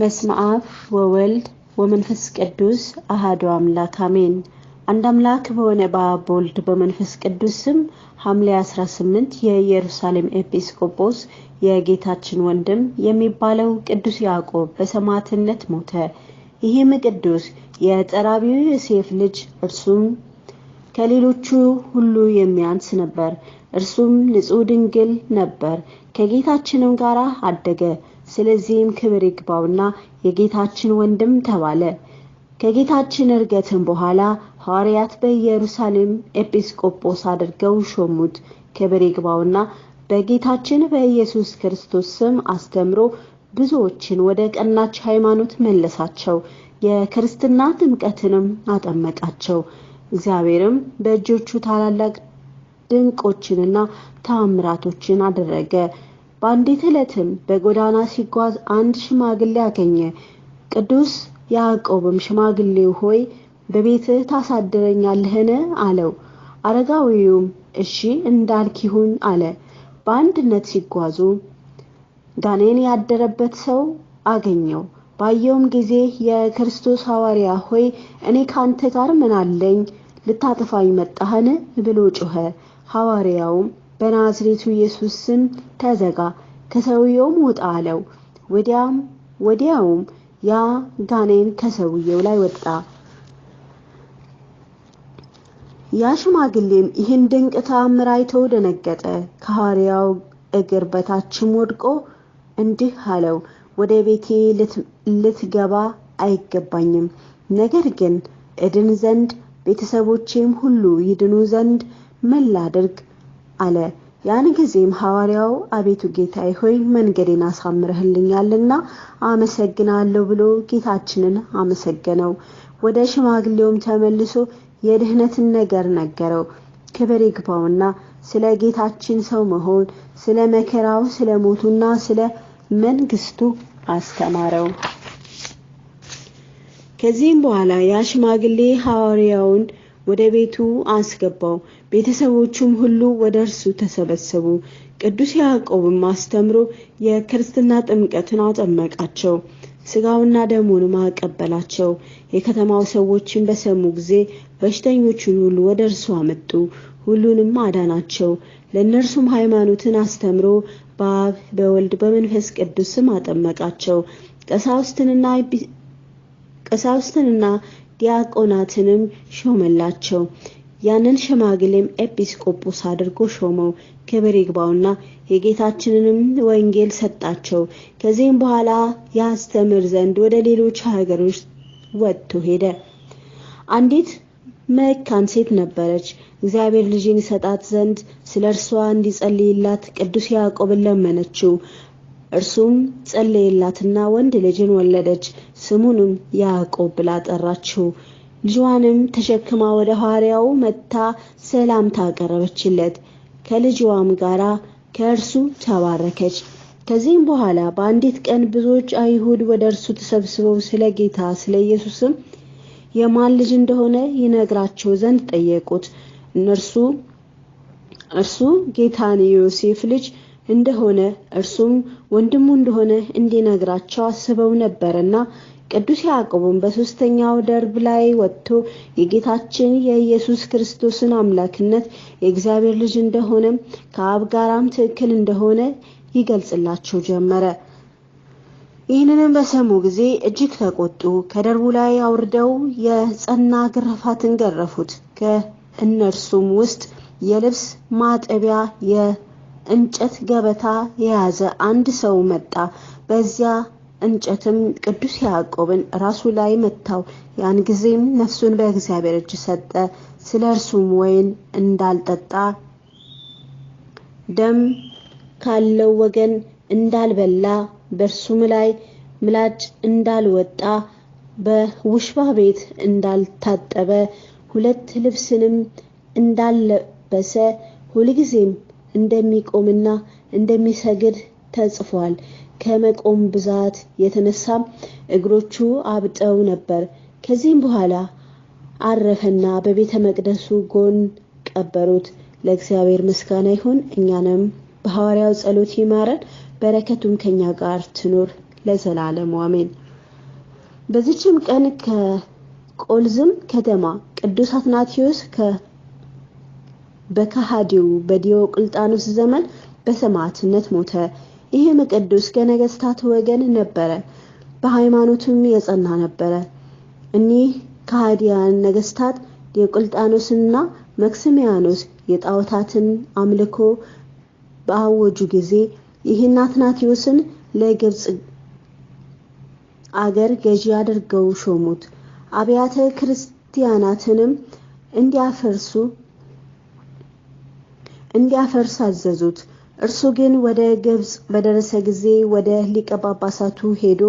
በስመ አብ ወወልድ ወመንፈስ ቅዱስ አሃዱ አምላክ አሜን። አንድ አምላክ በሆነ በአብ በወልድ በመንፈስ ቅዱስ ስም ሐምሌ 18 የኢየሩሳሌም ኤጲስቆጶስ የጌታችን ወንድም የሚባለው ቅዱስ ያዕቆብ በሰማዕትነት ሞተ። ይህም ቅዱስ የጠራቢው ዮሴፍ ልጅ እርሱም ከሌሎቹ ሁሉ የሚያንስ ነበር። እርሱም ንጹሕ ድንግል ነበር። ከጌታችንም ጋር አደገ። ስለዚህም ክብር ይግባውና የጌታችን ወንድም ተባለ። ከጌታችን እርገትም በኋላ ሐዋርያት በኢየሩሳሌም ኤጲስቆጶስ አድርገው ሾሙት። ክብር ይግባውና በጌታችን በኢየሱስ ክርስቶስ ስም አስተምሮ ብዙዎችን ወደ ቀናች ሃይማኖት መለሳቸው። የክርስትና ጥምቀትንም አጠመቃቸው። እግዚአብሔርም በእጆቹ ታላላቅ ድንቆችንና ተአምራቶችን አደረገ። በአንዲት ዕለትም በጎዳና ሲጓዝ አንድ ሽማግሌ አገኘ። ቅዱስ ያዕቆብም ሽማግሌው ሆይ በቤትህ ታሳድረኛለህን? አለው። አረጋዊውም እሺ እንዳልክ ይሁን አለ። በአንድነት ሲጓዙ ጋኔን ያደረበት ሰው አገኘው። ባየውም ጊዜ የክርስቶስ ሐዋርያ ሆይ እኔ ካንተ ጋር ምን አለኝ? ልታጥፋኝ መጣህን? ብሎ ጮኸ። ሐዋርያውም በናዝሬቱ ኢየሱስ ስም ተዘጋ፣ ከሰውየውም ውጣ አለው። ወዲያም ወዲያውም ያ ጋኔን ከሰውየው ላይ ወጣ። ያ ሽማግሌም ይህን ድንቅ ተአምር አይቶ ደነገጠ። ከሐዋርያው እግር በታችም ወድቆ እንዲህ አለው፣ ወደ ቤቴ ልትገባ አይገባኝም። ነገር ግን እድን ዘንድ ቤተሰቦቼም ሁሉ ይድኑ ዘንድ ምን ላድርግ አለ። ያን ጊዜም ሐዋርያው አቤቱ ጌታዬ ሆይ መንገዴን አሳምረህልኛልና አመሰግናለሁ ብሎ ጌታችንን አመሰገነው። ወደ ሽማግሌውም ተመልሶ የድህነትን ነገር ነገረው። ክብር ይግባውና ስለ ጌታችን ሰው መሆን ስለ መከራው፣ ስለ ሞቱና ስለ መንግስቱ አስተማረው። ከዚህም በኋላ ያ ሽማግሌ ሐዋርያውን ወደ ቤቱ አስገባው። ቤተሰቦቹም ሁሉ ወደ እርሱ ተሰበሰቡ። ቅዱስ ያዕቆብም አስተምሮ የክርስትና ጥምቀትን አጠመቃቸው። ስጋውና ደሙንም አቀበላቸው። የከተማው ሰዎችን በሰሙ ጊዜ በሽተኞቹን ሁሉ ወደ እርሱ አመጡ፣ ሁሉንም አዳናቸው። ለእነርሱም ሃይማኖትን አስተምሮ በአብ በወልድ በመንፈስ ቅዱስም አጠመቃቸው። ቀሳውስትንና ዲያቆናትንም ሾመላቸው። ያንን ሽማግሌም ኤጲስቆጶስ አድርጎ ሾመው። ክብር ይግባውና የጌታችንንም ወንጌል ሰጣቸው። ከዚህም በኋላ ያስተምር ዘንድ ወደ ሌሎች ሀገሮች ወጥቶ ሄደ። አንዲት መካን ሴት ነበረች። እግዚአብሔር ልጅን ይሰጣት ዘንድ ስለ እርሷ እንዲጸልይላት ቅዱስ ያዕቆብን ለመነችው። እርሱም ጸለየላትና ወንድ ልጅን ወለደች ስሙንም ያዕቆብ ብላ ጠራችው ልጇንም ተሸክማ ወደ ሐዋርያው መጥታ ሰላምታ አቀረበችለት ከልጅዋም ጋራ ከእርሱ ተባረከች ከዚህም በኋላ በአንዲት ቀን ብዙዎች አይሁድ ወደ እርሱ ተሰብስበው ስለ ጌታ ስለ ኢየሱስም የማን ልጅ እንደሆነ ይነግራቸው ዘንድ ጠየቁት እነርሱ እርሱ ጌታን የዮሴፍ ልጅ እንደሆነ እርሱም ወንድሙ እንደሆነ እንዲነግራቸው አስበው ነበርና ቅዱስ ያዕቆብም በሶስተኛው ደርብ ላይ ወጥቶ የጌታችን የኢየሱስ ክርስቶስን አምላክነት የእግዚአብሔር ልጅ እንደሆነ ከአብ ጋራም ትክክል እንደሆነ ይገልጽላቸው ጀመረ። ይህንንም በሰሙ ጊዜ እጅግ ተቆጡ። ከደርቡ ላይ አውርደው የጸና ግርፋትን ገረፉት። ከእነርሱም ውስጥ የልብስ ማጠቢያ እንጨት ገበታ የያዘ አንድ ሰው መጣ። በዚያ እንጨትም ቅዱስ ያዕቆብን ራሱ ላይ መታው። ያን ጊዜም ነፍሱን በእግዚአብሔር እጅ ሰጠ። ስለ እርሱም ወይን እንዳልጠጣ ደም ካለው ወገን እንዳልበላ በእርሱም ላይ ምላጭ እንዳልወጣ በውሽባ ቤት እንዳልታጠበ ሁለት ልብስንም እንዳልለበሰ ሁልጊዜም እንደሚቆምና እንደሚሰግድ ተጽፏል። ከመቆም ብዛት የተነሳም እግሮቹ አብጠው ነበር። ከዚህም በኋላ አረፈና በቤተ መቅደሱ ጎን ቀበሩት። ለእግዚአብሔር ምስጋና ይሁን። እኛንም በሐዋርያው ጸሎት ይማረን፣ በረከቱም ከኛ ጋር ትኑር ለዘላለም አሜን። በዚችም ቀን ከቆልዝም ከተማ ቅዱስ አትናቴዎስ ከ በካሃዲው በዲዮቅልጣኖስ ዘመን በሰማዕትነት ሞተ። ይህም ቅዱስ ከነገስታት ወገን ነበረ፣ በሃይማኖቱም የጸና ነበረ። እኒህ ከሃዲያን ነገስታት ዲዮቅልጣኖስና መክስሚያኖስ የጣዖታትን አምልኮ በአወጁ ጊዜ ይህን አትናቴዎስን ለግብጽ አገር ገዢ አድርገው ሾሙት። አብያተ ክርስቲያናትንም እንዲያፈርሱ እንዲያፈርስ አዘዙት። እርሱ ግን ወደ ግብፅ በደረሰ ጊዜ ወደ ሊቀ ጳጳሳቱ ሄዶ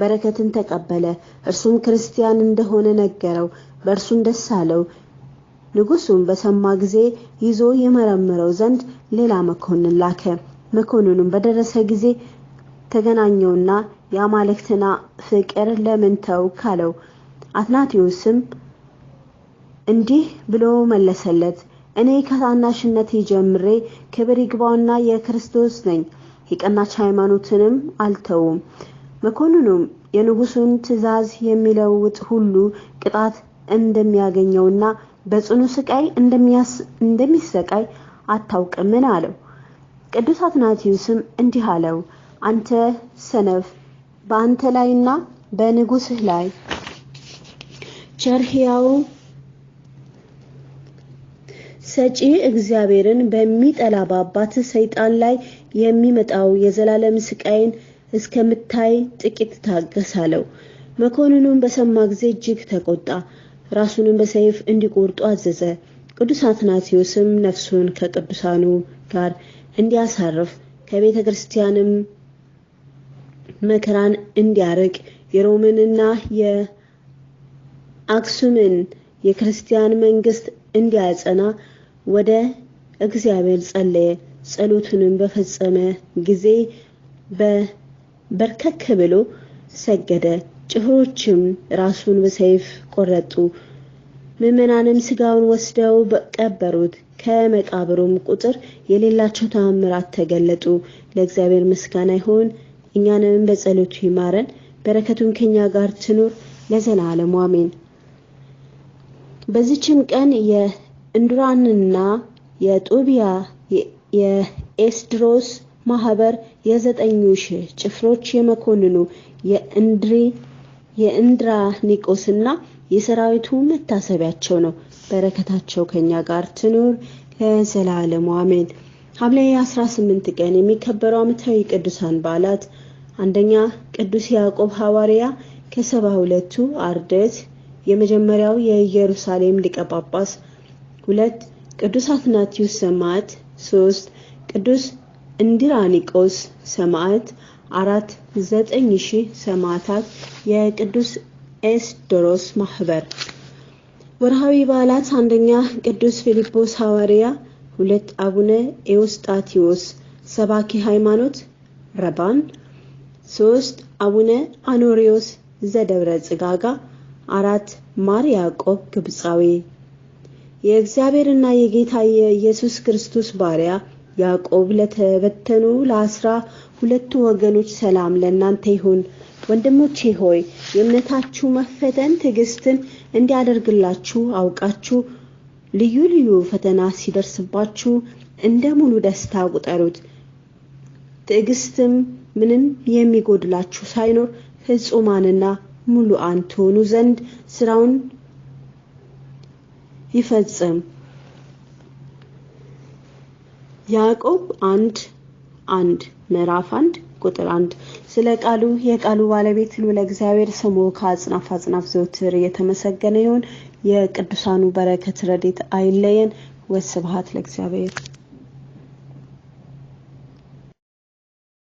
በረከትን ተቀበለ። እርሱም ክርስቲያን እንደሆነ ነገረው፣ በእርሱም ደስ አለው። ንጉሱም በሰማ ጊዜ ይዞ የመረምረው ዘንድ ሌላ መኮንን ላከ። መኮንኑም በደረሰ ጊዜ ተገናኘውና የአማልክትና ፍቅር ለምን ተውክ አለው። አትናቴዎስም እንዲህ ብሎ መለሰለት እኔ ከታናሽነቴ ጀምሬ ክብር ይግባውና የክርስቶስ ነኝ፣ የቀናች ሃይማኖትንም አልተውም። መኮንኑም የንጉሱን ትእዛዝ የሚለውጥ ሁሉ ቅጣት እንደሚያገኘውና በጽኑ ስቃይ እንደሚሰቃይ አታውቅምን? አለው። ቅዱስ አትናቲዩስም እንዲህ አለው፣ አንተ ሰነፍ፣ በአንተ ላይና በንጉስህ ላይ ቸር ሰጪ እግዚአብሔርን በሚጠላ በአባት ሰይጣን ላይ የሚመጣው የዘላለም ስቃይን እስከምታይ ጥቂት ታገስ አለው። መኮንኑም በሰማ ጊዜ እጅግ ተቆጣ። ራሱንም በሰይፍ እንዲቆርጡ አዘዘ። ቅዱስ አትናቴዎስም ነፍሱን ከቅዱሳኑ ጋር እንዲያሳርፍ ከቤተ ክርስቲያንም መከራን እንዲያርቅ የሮምንና የአክሱምን የክርስቲያን መንግስት እንዲያጸና ወደ እግዚአብሔር ጸለየ። ጸሎቱንም በፈጸመ ጊዜ በርከክ ብሎ ሰገደ። ጭፍሮችም ራሱን በሰይፍ ቆረጡ። ምዕመናንም ስጋውን ወስደው ቀበሩት። ከመቃብሩም ቁጥር የሌላቸው ተአምራት ተገለጡ። ለእግዚአብሔር ምስጋና ይሁን፣ እኛንም በጸሎቱ ይማረን፣ በረከቱን ከኛ ጋር ትኑር ለዘላለሙ አሜን። በዚችም ቀን እንዱራንና የጦቢያ የኤስድሮስ ማህበር የዘጠኙ ሺህ ጭፍሮች የመኮንኑ የእንድሪ የእንድራኒቆስና የሰራዊቱ መታሰቢያቸው ነው። በረከታቸው ከኛ ጋር ትኑር ለዘላለሙ አሜን። ሐምሌ 18 ቀን የሚከበሩ ዓመታዊ ቅዱሳን በዓላት አንደኛ ቅዱስ ያዕቆብ ሐዋርያ ከሰባ ሁለቱ አርድእት የመጀመሪያው የኢየሩሳሌም ሊቀ ጳጳስ ሁለት ቅዱስ አትናቲዩስ ሰማዕት ሶስት ቅዱስ እንድራኒቆስ ሰማዕት አራት ዘጠኝ ሺህ ሰማዕታት የቅዱስ ኤስዶሮስ ማህበር ወርሃዊ በዓላት አንደኛ ቅዱስ ፊልጶስ ሐዋርያ ሁለት አቡነ ኤውስጣቲዮስ ሰባኪ ሃይማኖት ረባን ሶስት አቡነ አኖሪዮስ ዘደብረ ጽጋጋ አራት ማር ያዕቆብ ግብፃዊ የእግዚአብሔርና የጌታ የኢየሱስ ክርስቶስ ባሪያ ያዕቆብ ለተበተኑ ለአስራ ሁለቱ ወገኖች ሰላም ለእናንተ ይሁን። ወንድሞቼ ሆይ የእምነታችሁ መፈተን ትዕግስትን እንዲያደርግላችሁ አውቃችሁ ልዩ ልዩ ፈተና ሲደርስባችሁ እንደ ሙሉ ደስታ ቁጠሩት። ትዕግስትም ምንም የሚጎድላችሁ ሳይኖር ፍጹማንና ሙሉአን ትሆኑ ዘንድ ስራውን ይፈጽም። ያዕቆብ አንድ አንድ ምዕራፍ አንድ ቁጥር አንድ ስለ ቃሉ የቃሉ ባለቤት ልዑል እግዚአብሔር ስሙ ከአጽናፍ አጽናፍ ዘውትር የተመሰገነ ይሁን። የቅዱሳኑ በረከት ረድኤት አይለየን። ወስብሐት ለእግዚአብሔር።